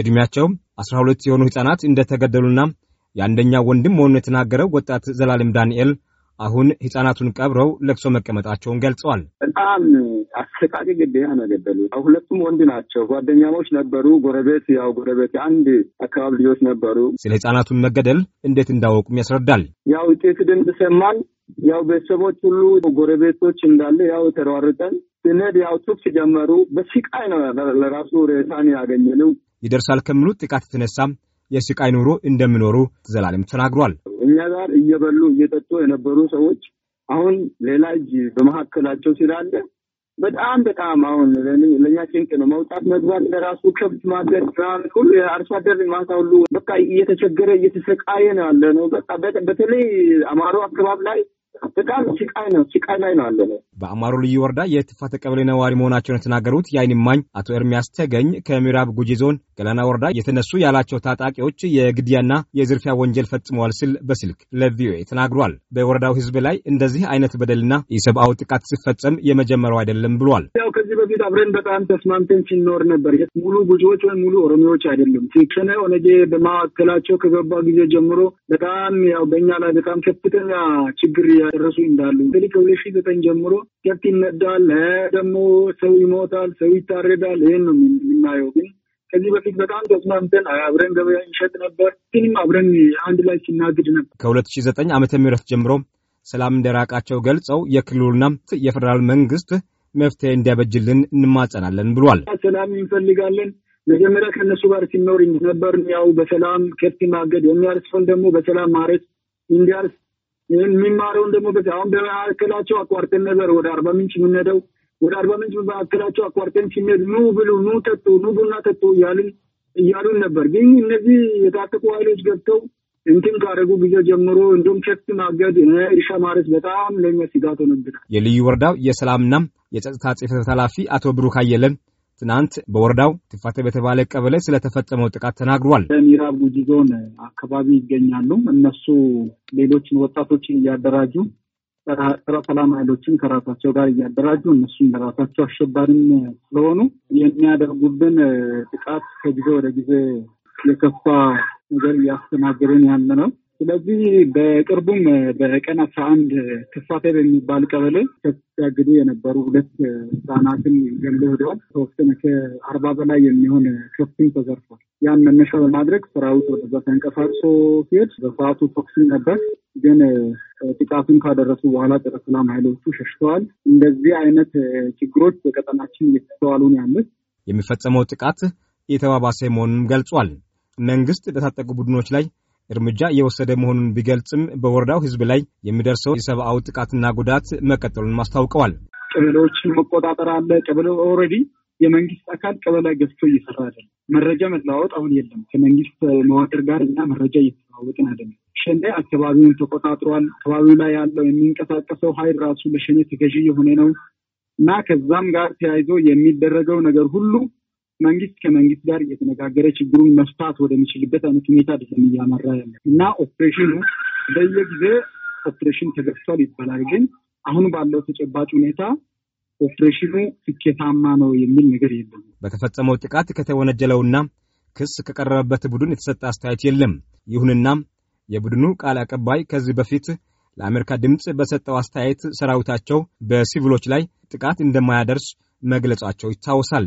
ዕድሜያቸው 12 የሆኑ ሕፃናት እንደተገደሉና የአንደኛ ወንድም መሆኑን የተናገረው ወጣት ዘላለም ዳንኤል አሁን ሕፃናቱን ቀብረው ለቅሶ መቀመጣቸውን ገልጸዋል። በጣም አሰቃቂ ግድያ ነው የገደሉት። ሁለቱም ወንድ ናቸው። ጓደኛሞች ነበሩ። ጎረቤት ያው ጎረቤት አንድ አካባቢ ልጆች ነበሩ። ስለ ህጻናቱን መገደል እንዴት እንዳወቁም ያስረዳል። ያው ጤት ድምፅ ሰማን። ያው ቤተሰቦች ሁሉ ጎረቤቶች እንዳለ ያው ተሯርጠን ስንሄድ ያው ቱክስ ሲጀመሩ በስቃይ ነው ለራሱ ሬሳን ያገኘነው ይደርሳል ከሚሉት ጥቃት የተነሳ የስቃይ ኑሮ እንደሚኖሩ ዘላለም ተናግሯል። እኛ ጋር እየበሉ እየጠጡ የነበሩ ሰዎች አሁን ሌላ እጅ በመካከላቸው ስላለ በጣም በጣም አሁን ለእኛ ጭንቅ ነው። መውጣት መግባት ለራሱ ከብት ማገድ ሁሉ አርሶ አደር ማሳ ሁሉ በቃ እየተቸገረ እየተሰቃየ ነው ያለ ነው። በቃ በተለይ አማሮ አካባቢ ላይ በጣም ስቃይ ነው፣ ስቃይ ላይ ነው አለ። በአማሮ ልዩ ወረዳ የትፋተ ቀበሌ ነዋሪ መሆናቸውን የተናገሩት የአይን እማኝ አቶ ኤርሚያስ ተገኝ ከምዕራብ ጉጂ ዞን ገላና ወረዳ የተነሱ ያላቸው ታጣቂዎች የግድያና የዝርፊያ ወንጀል ፈጽመዋል ሲል በስልክ ለቪኦኤ ተናግሯል። በወረዳው ህዝብ ላይ እንደዚህ አይነት በደልና የሰብአዊ ጥቃት ሲፈጸም የመጀመሪያው አይደለም ብሏል። ከዚህ በፊት አብረን በጣም ተስማምተን ሲኖር ነበር። ሙሉ ጉጂዎች ወይም ሙሉ ኦሮሚዎች አይደሉም። ፊክሽነ ኦነጌ በማካከላቸው ከገባ ጊዜ ጀምሮ በጣም ያው በእኛ ላይ በጣም ከፍተኛ ችግር ያደረሱ እንዳሉ እንግዲህ ከሁለት ሺህ ዘጠኝ ጀምሮ ከብት ይነዳል፣ ደግሞ ሰው ይሞታል፣ ሰው ይታረዳል። ይህን ነው የምናየው ግን ከዚህ በፊት በጣም ተስማምተን አብረን ገበያ ይሸጥ ነበር። ግንም አብረን አንድ ላይ ሲናግድ ነበር። ከሁለት ሺህ ዘጠኝ ዓመተ ምህረት ጀምሮ ሰላም እንደራቃቸው ገልጸው የክልሉና የፌዴራል መንግስት መፍትሄ እንዲያበጅልን እንማጸናለን ብሏል። ሰላም እንፈልጋለን። መጀመሪያ ከእነሱ ጋር ሲኖር ነበር። ያው በሰላም ከፍት ማገድ የሚያርሰውን ደግሞ በሰላም ማረስ እንዲያርስ የሚማረውን ደግሞ አሁን በመካከላቸው አቋርጠን ነበር ወደ አርባ ምንጭ የምንሄደው ወደ አርባ ምንጭ በመካከላቸው አቋርጠን ሲሄድ ኑ ብሉ፣ ኑ ጠጡ፣ ኑ ቡና ጠጡ እያሉን ነበር። ግን እነዚህ የታጠቁ ኃይሎች ገብተው እንትን ካደረጉ ጊዜ ጀምሮ እንዲሁም ቸክ ማገድ፣ እርሻ ማረስ በጣም ለኛ ስጋት ሆነብናል። የልዩ ወረዳው የሰላምና የጸጥታ ጽሕፈት ኃላፊ አቶ ብሩክ አየለም ትናንት በወረዳው ትፋተ በተባለ ቀበሌ ስለተፈጸመው ጥቃት ተናግሯል። በምዕራብ ጉጂ ዞን አካባቢ ይገኛሉ። እነሱ ሌሎችን ወጣቶችን እያደራጁ ጸረ ሰላም ኃይሎችን ከራሳቸው ጋር እያደራጁ እነሱም ለራሳቸው አሸባሪም ስለሆኑ የሚያደርጉብን ጥቃት ከጊዜ ወደ ጊዜ የከፋ ነገር እያስተናገደን ያለ ነው። ስለዚህ በቅርቡም በቀን አስራ አንድ ክፋቴ በሚባል ቀበሌ ሲያግዱ የነበሩ ሁለት ህጻናትን ገሎ ሄደዋል። ተወሰነ ከአርባ በላይ የሚሆን ከብትም ተዘርፏል። ያን መነሻ በማድረግ ሰራዊት ወደዛ ተንቀሳቅሶ ሲሄድ በሰዓቱ ተኩስም ነበር፣ ግን ጥቃቱን ካደረሱ በኋላ ጸረ ሰላም ኃይሎቹ ሸሽተዋል። እንደዚህ አይነት ችግሮች በቀጠናችን እየተስተዋሉን ያሉት የሚፈጸመው ጥቃት የተባባሰ መሆኑን ገልጿል። መንግስት በታጠቁ ቡድኖች ላይ እርምጃ የወሰደ መሆኑን ቢገልጽም በወረዳው ህዝብ ላይ የሚደርሰው የሰብአዊ ጥቃትና ጉዳት መቀጠሉንም አስታውቀዋል። ቀበሌዎችን መቆጣጠር አለ። ቀበሌ ኦልሬዲ የመንግስት አካል ቀበሌ ገዝቶ እየሰራ አይደለም። መረጃ መለዋወጥ አሁን የለም። ከመንግስት መዋቅር ጋር እና መረጃ እየተለዋወጥን አይደለም። ሸኔ አካባቢውን ተቆጣጥሯል። አካባቢው ላይ ያለው የሚንቀሳቀሰው ሀይል ራሱ ለሸኔ ተገዢ የሆነ ነው እና ከዛም ጋር ተያይዞ የሚደረገው ነገር ሁሉ መንግስት ከመንግስት ጋር እየተነጋገረ ችግሩን መፍታት ወደሚችልበት አይነት ሁኔታ አይደለም እያመራ ያለ እና ኦፕሬሽኑ በየጊዜ ኦፕሬሽን ተገፍቷል ይባላል። ግን አሁን ባለው ተጨባጭ ሁኔታ ኦፕሬሽኑ ስኬታማ ነው የሚል ነገር የለም። በተፈጸመው ጥቃት ከተወነጀለውና ክስ ከቀረበበት ቡድን የተሰጠ አስተያየት የለም። ይሁንና የቡድኑ ቃል አቀባይ ከዚህ በፊት ለአሜሪካ ድምፅ በሰጠው አስተያየት ሰራዊታቸው በሲቪሎች ላይ ጥቃት እንደማያደርስ መግለጻቸው ይታወሳል።